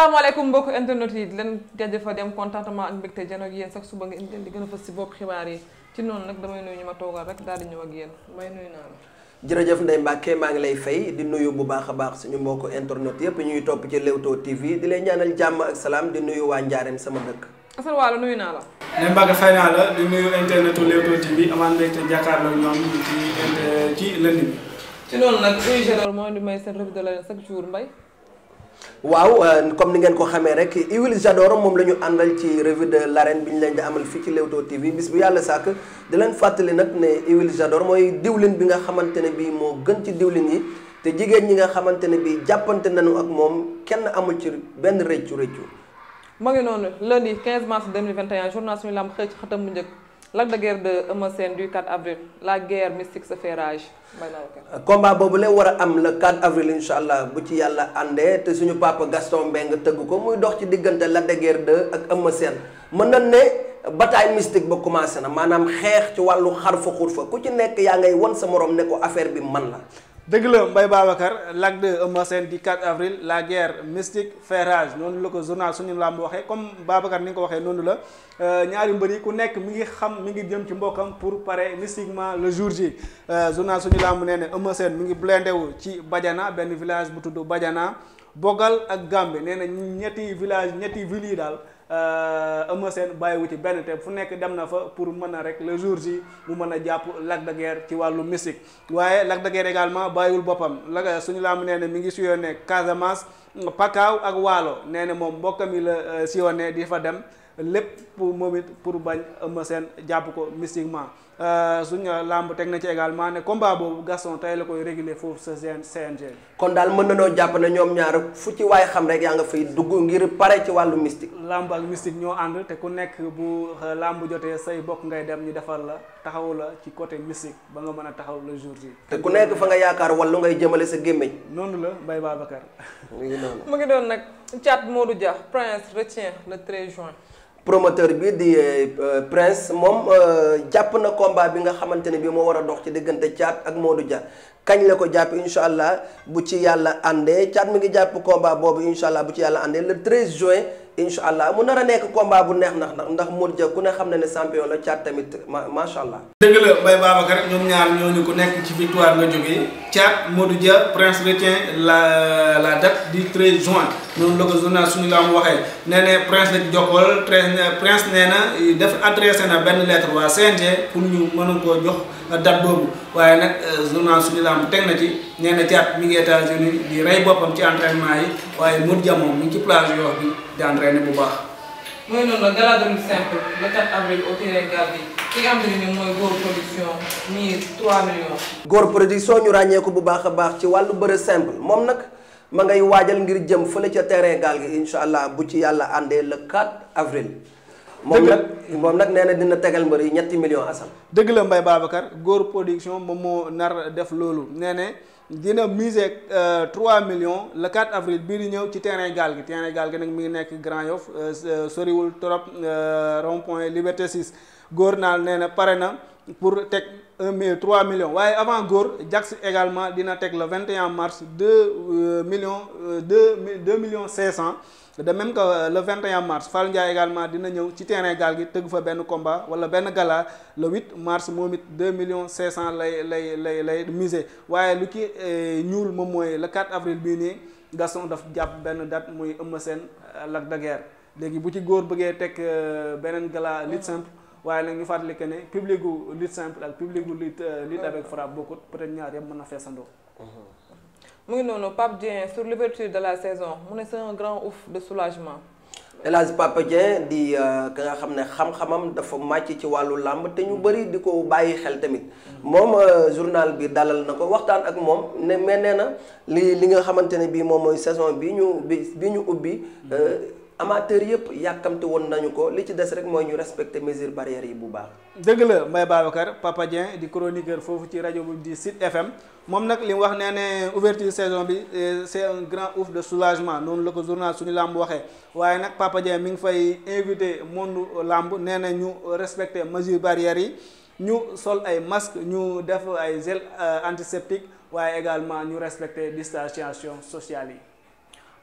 asalaamaaleykum mbokk internet yi leen jaajëfal dem contentement ak mbégte jën ak yéen sax suba a fës si bopp xibaar yi ci noonu nag damay nuyu ñu ma toogal rek daal di ñëw ak may nuyu naa la jërëjëf Ndeye Mbacke maa ngi lay fay di nuyu bu baax a baax suñu mbokku internet yépp ñuy topp ci Leewtoo TV di lay ñaanal jàmm ak salaam di nuyu waa Njaareem sama dëkk. Assane Waala nuyu naa la. Ndeye Mbacke fay naa la di nuyu internetu Leewtoo TV amaan mbégte jàkkaarloo ñoom ci ci lënd bi. ci noonu nag UG mooy di may seen revue de l'arène chaque jour Mbaye waaw euh, comme ni ngeen ko xamee rek Iwil Jador moom la ñu àndal ci revue de l'arène bi ñu leen di amal fii ci Leewtoo TV bis bu yàlla sàkk di leen fàttali nag ne Iwil Jador mooy diwlin bi nga xamante ne bii moo gën ci diwlin yi te jigéen ñi nga xamante ne bii jàppante nañu ak moom kenn amul ci benn rëccu rëccu. ma ngi noonu lundi 15 mars 2021 journal suñu lamb xëy ci mu njëkk. Lac de Guiers 2 Eumeu Sène du avril la guerre mystique sa fait rage may combat boobu la war a am le 4 avril incha allah bu ci yàlla àndee te suñu papa Gaston Mbengue tëgg ko muy dox ci diggante Lac de Guiers 2 ak Eumeu Sène mën na ne bataille mystique ba commencé na maanaam xeex ci wàllu xar fa xur fa ku ci nekk yaa ngay won sa morom ne ko affaire bi man la. dëgg la Mbaye Babacar Lac 2 Eumeu Sène di 4 avril la guerre mystique fait rage noonu la ko journal suñu mu waxee comme Babacar ni nga ko waxee noonu la euh, ñaari mbër yi ku nekk mi ngi xam mu ngi jëm ci mbokkam pour pare mystiquement le jour J euh, journal suñu làmb nee ne Eumeu Sène mi ngi blindé ci Badiana benn village bu tudd Badiana Bogal ak Gambe nee na ñetti village ñetti villes yi daal Euh, Eumeu Sène bàyyiwu ci benn te fu nekk dem na fa pour mën a rek le jour ji mu mën a jàpp Lac de ci wàllu mystique waaye Lac de Guiers également bàyyiwul boppam la suñu laamu nee ne mi ngi si suyoo ne Casamance Pakaaw ak Waalo nee na moom mbokkam yi la euh, siyoo ne di fa dem lépp pour moom it pour bañ Eumeu Sène jàpp ko mystiquement euh, suñ euh, làmb teg na ci également ne combat boobu Gaston tey la koy réguler foofu sa CNG. kon daal mën na noo jàpp na ñoom ñaar fu ci waay xam rek yaa nga fay dugg ngir pare ci wàllu mystique. làmb ak mystique ñoo ànd te ku nekk bu euh, làmb jotee say bokk ngay dem ñu defar la taxaw la ci côté mystique ba nga mën a taxaw la jour ji. te ku nekk fa nga yaakaar wàllu ngay jëmale sa gémmiñ. noonu la Mbaye Babacar. mu ngi promoteur bi di euh, euh, prince moom euh, jàpp na combat bi nga xamante ne bii moo war a dox ci diggante Thiat ak Modou Dia kañ la ko jàpp incha allah bu ci yàlla àndee Thiat mu ngi jàpp komba boobu incha allah bu ci yàlla àndee le 13 juin. incha allah mu nar a nekk combat bu neex ndax ndax Modou ja ku ne xam na ne champion la caat tamit ma macha allah. dëgg la Mbaye Babacar ñoom ñaar ñooñu ku nekk ci victoire nga jógee caat Modou ja prince retient la la date di 13 juin noonu la ko journal suñu la am waxee nee na prince la ci jokkoo prince prince na def adressé na benn lettre waa CNG pour ñu mën a koo jox. date boobu waaye nag euh, journal suñu lamb teg na ci nee na ngi États-Unis di rey boppam ci entraînement yi waaye mun Dia moom ci plage yoon bi di entraîné bu baax. mooy noonu la gala demi simple le 4 avril au terrain Gavi ki nga xam nii mooy góor production mise 3 millions. góor production ñu ràññee ko bu baax a baax ci wàllu bëre simple moom nag. ma ngay waajal ngir jëm fële ca terrain gaal gi incha allah bu ci yàlla àndee le 4 avril moom nag moom nag nee na dina tegal mbër yi ñetti millions asal dëgg la Mbaye Babacar góor production moom moo nar def loolu nee ne dina miser 3 euh, millions le 4 avril bii di ñëw ci terrain gaal gi terrain gaal gi nag mu ngi nekk Grand Yoff euh, euh, soriwul trop rond point Liberté 6 góor naal nee na pare na pour teg un million trois waaye avant góor Jax également dina teg le 21 mars deux euh, millions euh, deux deux million cinq cent de même que euh, le 21 mars Fall Ndiaye également dina ñëw ci terrain gi tëgg fa benn combat wala benn gala le 8 mars moom it deux million cinq cent lay lay lay lay misé waaye lu ki ñuul moom mooy le 4 avril bii nii Gaston daf jàpp benn date muy Eumeu seen Lac de léegi bu ci góor bëggee teg beneen gala lutte simple waaye nag ñu fàttali que ne public gu lutte simple ak public gu lutte euh, lutte avec être ñaar yëpp mën na feesandoo. Mhm. mu ngi noonu Pape Dieng sur l'ouverture de la saison mu ne c'est un grand ouf de soulagement. El Hadj Papa Dieng di euh, ka nga xam ne xam-xamam dafa màcc ci wàllu làmb te ñu bëri di ko bàyyi xel tamit moom euh, journal bi dalal na ko waxtaan ak moom ne mais na li li nga xamante ne bii moom mooy saison bi ñu bi bi ñu ubbi. amateur yëpp yàkkamte woon nañu ko li ci des rek mooy ñu respecter mesures barrières yi bu baax. dëgg la Mbaye Babacar Papa di chroniqueur foofu ci rajo bu di Sud FM moom nag li mu wax nee ne ouverture saison bi euh, c'est un grand ouf de souvagement noonu la ko journal suñu làmb waxee waaye nag Papa Dieng mi ngi fay invité monde làmb nee na ñu respecter mesures barrières yi. ñu sol ay masque ñu def ay gel euh, antiseptique waaye également ñu respecter distanciation sociale yi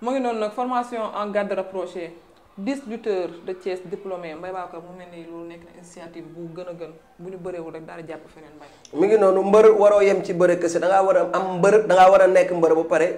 mu ngi noonu nag formation en garde rapprochée dix lutteurs de Thiès diplômés Mbaye Babacar mu mel ni loolu nekk na initiative bu gën a gën bu ñu bëreewul rek daal di jàpp feneen mbay. mi ngi noonu mbër waroo yem ci bëre kese da war a am mbër da war a nekk mbër bu pare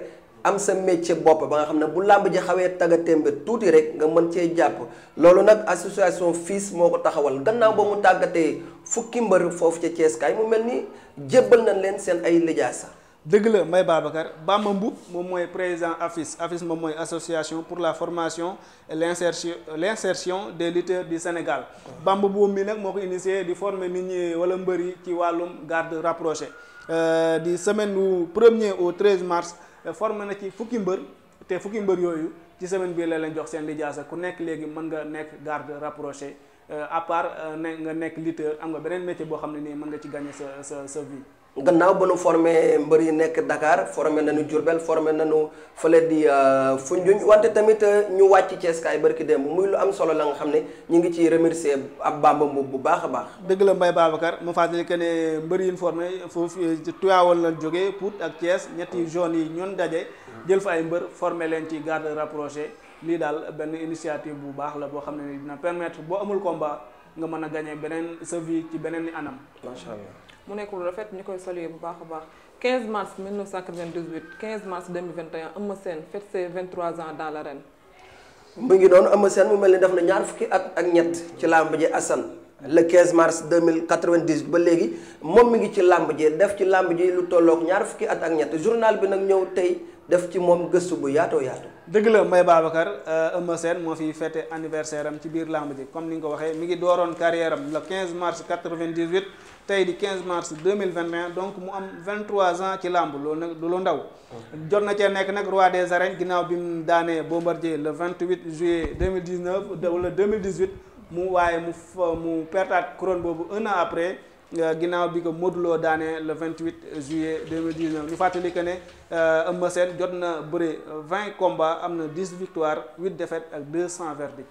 am sa métier bopp ba nga xam ne bu làmb ji xawee tagga témbe tuuti rek nga mën cee jàpp loolu nag association FILS moo ko taxawal gannaaw ba mu tàggatee fukki mbër foofu ci Thiès mu mel ni jébbal nañ leen seen ay lijaasa dëgg la Mbaye Babacar Bamba Mboup moom mooy président affice AFIS moom mooy association pour la formation et l' insertion l' insertion des lutteurs du Sénégal Bamba Mboup mi nag moo ko initié di forme nit ñi wala mbër yi ci wàllum garde rapprochée euh, di semaine du premier au 13 mars euh, formé na ci fukki mbër te fukki mbër yooyu ci semaine bii la leen jox seen lijaasa ku nekk léegi mën nga nekk garde rapprochée euh, à part ne nga nekk lutteur am nga beneen métier boo xam ne nii mën nga ci gagné sa gannaaw ba nu formé mbër yi nekk na Dakar formé nañu Diourbel formé nañu fële di euh, Foundiougne wante tamit euh, ñu wàcc Thiès kaay barki démb muy lu am solo la nga xam ne ñu ngi ciy remercier ab Bamba Mbuub bu baax a baax. dëgg la Mbaye Babacar mu fàttali que ne mbër yi ñu formé foofu euh, Tivaouane la jóge Pout ak Thiès ñetti zones yi ñoon daje. jël fa ay mbër formé leen ci garde rapproché lii daal benn initiative bu baax la boo xam ne na permettre boo amul combat nga mën a gagné beneen sa ci beneen anam. macha allah. mu nekk lu rafet ñu koy saluer bu baax a baax 15 mars 1998 15 mars 2021 Eumeu Sène fête ses 23 ans dans ren mu ngi noonu Eumeu Sène mu mel ni def na ñaar fukki at ak ñett ci làmb ji Assane le 15 mars 2090 ba léegi moom mi ngi ci làmb ji def ci làmb ji lu tollook ñaar fukki at ak ñett journal bi nag ñëw tey. def ci moom gëstu bu yaatoo yaatu. dëgg la Mbaye Babacar euh, Eumeu moo fi fêté anniversaire am ci biir làmb ji comme ni nga ko waxee mi ngi dooroon carrière am le 15 mars 98 tey di 15 mars 2021 donc mu am 23 ans ci làmb loolu nag du lu ndaw. jot na cee nekk nag roi des arènes ginnaaw bi mu daanee Bombardier le 28 juillet 2019 wala 2018 mu waaye mu mu pertaat couronne boobu un Euh, ginnaaw bi ko Modou Lo daanee le 28 juillet 2019 ñu fàttali que ne euh, Eumeu Sène jot na bëre 20 combats am na 10 victoires 8 défaites ak 200 verdicts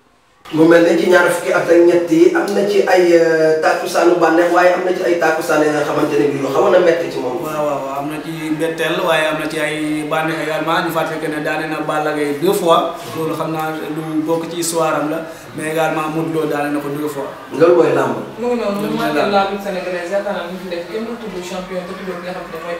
mu mel ne ci ñaar fukki at ak ñett yi am na ci ay euh, tàkkusaanu bànneex waaye am na ci ay tàkkusaan yi nga xamante ne bii lu xawoon a métti waaw waaw am na ci mbetteel waaye am na ci ay bànneex également ñu fàttali que ne daane na Balla Gaye deux fois. loolu xam naa ci histoire mais également Modou Lo daane na ko deux fois. loolu mooy làmb. mu ngi noonu lu ma la la ne mooy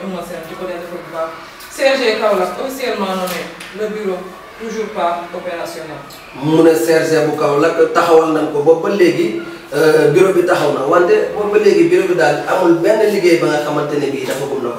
Eumeu Sène di ko leen defal bu baax. bureau. toujours pas opérationnel. mu ne CRG bu Kaolack taxawal nañ ko ba ba léegi euh, bureau bi taxaw na wante ba ba léegi bureau bi daal amul benn liggéey ba nga xamante ne bii dafa gum la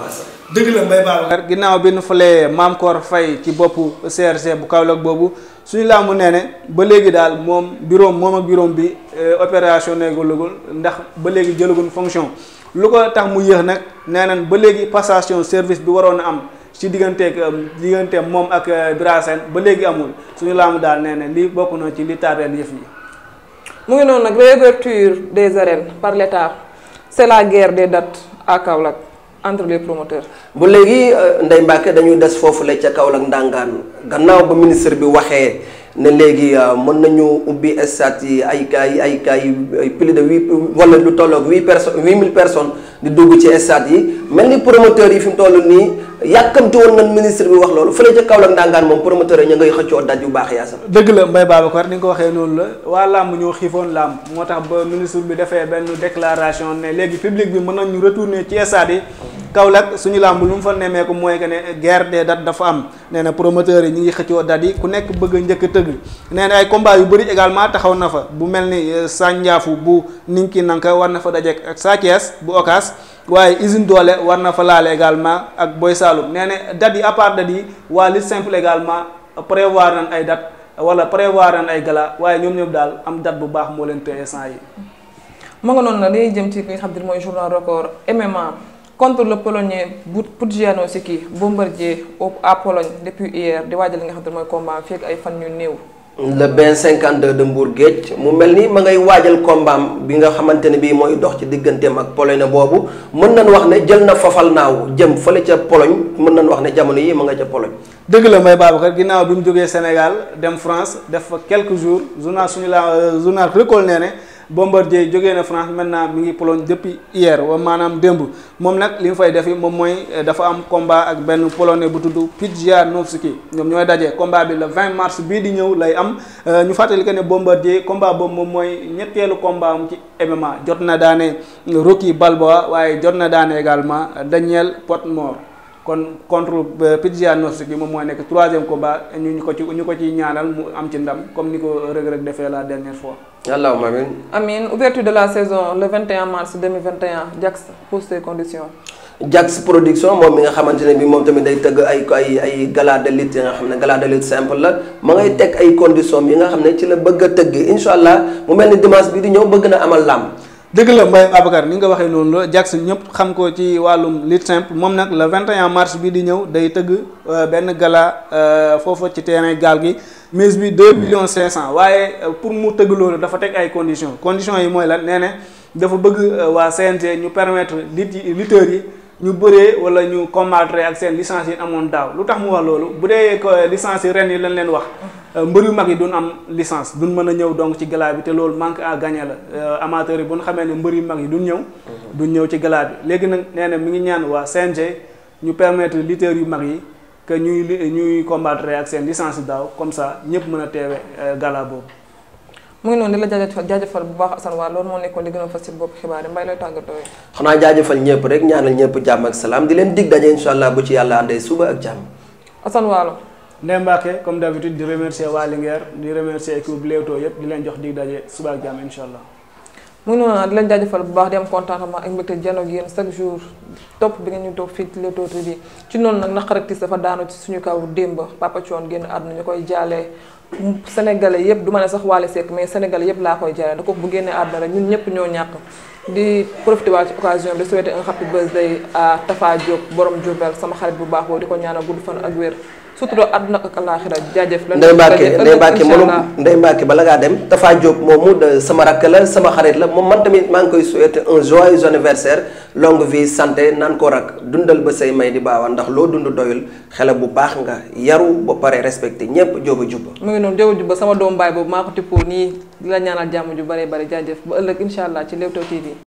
dëgg la Mbaye Babacar ginnaaw bi nu falee Maam Koor Faye ci boppu CRG bu Kaolack boobu suñu laa mu nee ne ba léegi daal moom bureau moom ak bureau bi euh, opération neegulagul ndax ba léegi jëlagul fonction lu ko tax mu yéex nag nee nañ ba léegi passation service bi waroon a am. ci digganteeg euh, digganteeg moom ak euh, Bira ba léegi amul suñu laamu daal nee na lii bokk na ci li yëf yi. mu ngi noonu nag réouverture des arènes par l'État c'est la guerre des dates à Kaolack entre les promoteurs. bu léegi euh, Ndeye mbaake dañuy des foofu la ca Kaolack ndàngaan gannaaw ba ministre bi waxee. ne léegi mën nañu ubbi stade yi ay ay ay ay plus de huit wala lu tolloog huit personnes huit mille personnes di dugg ci stade yi mel ni promoteurs yi fi mu toll nii yàkkamti woon nan ministre bi wax loolu fële ca Kaolack ndàngaan moom promoteur ña ngay xëccoo daj yu baax yaa sax dëgg la Mbaye Babacar ni nga ko waxee loolu la waa làmb ñoo xiifoon làmb moo tax ba ministre bi defee benn déclaration ne léegi public bi mën nañu retourner ci stade yi Kaolack suñu làmb lu mu fa nemmeeku mooy que ne guerre des dates dafa am nee na promoteurs yi ñu ngi xëccoo dates yi ku nekk bëgg a njëkk tëgg nee na ay combat yu bëri également taxaw na fa bu mel ni euh, Sanjaafu bu Ninki Nanka war na fa dajeek ak Sa Thiès bu waaye usine doole war na fa laale également ak Boy Saloum nee na dates yi à part dates yi waa lutte simple également prévoir nañ ay dat wala prévoir nañ ay gala waaye ñoom ñoom daal am date bu baax moo leen téye sant yi. ma nga noonu la day jëm ci li nga xam ne mooy journal record MMA contre le polonais Pudzianowski bombardier à Pologne depuis hier di waajal li nga xam ne mooy combat fii ak ay fan yu néew. le bin 52 de Mbour Géej mu mel ni ma ngay waajal kombaam bi nga xamante ne bii mooy dox ci digganteem ak Pologne boobu mën nañ wax ne jël na fafal naaw jëm fële ca Pologne mën nañ wax ne jamono yi ma nga ca Pologne. dëgg la may Babacar ginnaaw bi mu jógee Sénégal dem France def fa quelques jours journal suñu la euh, journal Record nee ne Bombardier jógee na France maintenant mi ngi Pologne depuis hier wa maanaam démb moom nag li mu fay defi moom mooy eh, dafa am combat ak benn polone bu tudd Pudzianowski ñoom ñooy dajee combat bi la 20 mars bii di ñëw lay am eh, ñu fàttali que ne Bombardier combat boobu moom mooy ñetteelu combat am ci MMA jot na daane Rocky Balboa waaye jot na daane également Daniel Potmore. kon contre euh, Pidzia Norsk bi moom mooy nekk troisième combat ñu ñu ko ñu ko ci ñaanal mu am ci ndam comme ni ko rëg-rëg defee la dernière fois. allahumma amin. amin ouverture de la saison le 21 mars 2021 Jax pour ses conditions. Jax production moom mi nga xamante ne bi moom tamit day tëgg ay ay ay gala de lutte yi nga xam ne gala simple la ma ngay teg ay conditions yi nga xam ne ci la bëgg a tëgg incha allah mu mel ni dimanche bi di ñëw bëgg na amal làmb. dëgg la Mbaye Babacar ni nga waxee loolu la Jackson ñëpp xam ko ci wàllum lutte simple moom nag le 21 mars bi di ñëw day tëgg euh, benn gala euh, foofa ci terrain gaal gi mise bi 2 millions 500 waaye euh, pour mu tëgg loolu dafa teg ay conditions conditions yi mooy la nee dafa bëgg waa CNG ñu permettre lutte yi lutteurs yi. ñu bëree wala ñu combattre ak seen licence yi amoon daaw lu tax mu wax loolu bu dee ko licence yi ren yi lañ leen wax euh, mbër yu mag yi duñ am licence duñ mën a ñëw donc ci galaa bi te loolu manque à gagner la euh, amateur yi bu ñu xamee ne mbër yu mag yi duñ ñëw duñ ñëw ci galaat bi léegi nag nee na mi ngi ñaan waa CNG ñu permettre lutteurs yu mag yi que ñuy ñuy combattre ak seen licence daaw comme ça ñëpp mën a teewe euh, gala boobu mu ngi noonu di la jaajëfal jaajëfal bu baax Assane War loolu moo nekkoon li gën a fas ci bopp xibaar yi mbay lay tàggatoo xanaa jaajëfal ñëpp rek ñaanal ñëpp jàmm ak salaam di leen dig daje incha allah bu ci yàlla àndee suba ak jàmm Assane Waalo Ndeye Mbacke comme d'habitude di remercier waa Linguère di remercier équipe Leewtoo yëpp di leen jox dig daje suba ak jàmm incha allah mu ngi noonu di leen jaajëfal bu baax di am contentement ak mbégte jano ak yéen chaque jour topp bi nga ñu toog fii ci Leewtoo TV ci noonu nag naqar tiis dafa daanu suñu kaw démb Papa Thione génn àdduna ñu koy jaalee Sénégalais yëpp du ma ne sax Wally Seck mais Sénégalais yëpp laa koy jaalee da ko bu génnee àdduna rek ñun ñëpp ñoo ñàkk di profité waat ci occasion bi souhaité un happy birthday à Tafa Diop borom Diourbel sama xarit bu baax boobu di ko ñaanal gudd fan ak wér sutura àdduna ak alaaxira jaajëf la Ndeye Mbacke Ndeye Mbacke mënu Ndeye bala ngaa dem Tafa Diop moomu sama rakk la sama xarit la moom man tamit maa ngi koy souhaiter un joyeux anniversaire longue vie santé naan ko rak dundal ba say may di baawa ndax loo dund doyul xele bu baax nga yaru ba pare respecté ñépp jóoba jubba mu ngi noonu jóoba jubba sama doom baay boobu maa ko tippoo nii di la ñaanal jàmm ju bare bare jaajëf ba ëllëg incha allah ci Leewtoo TV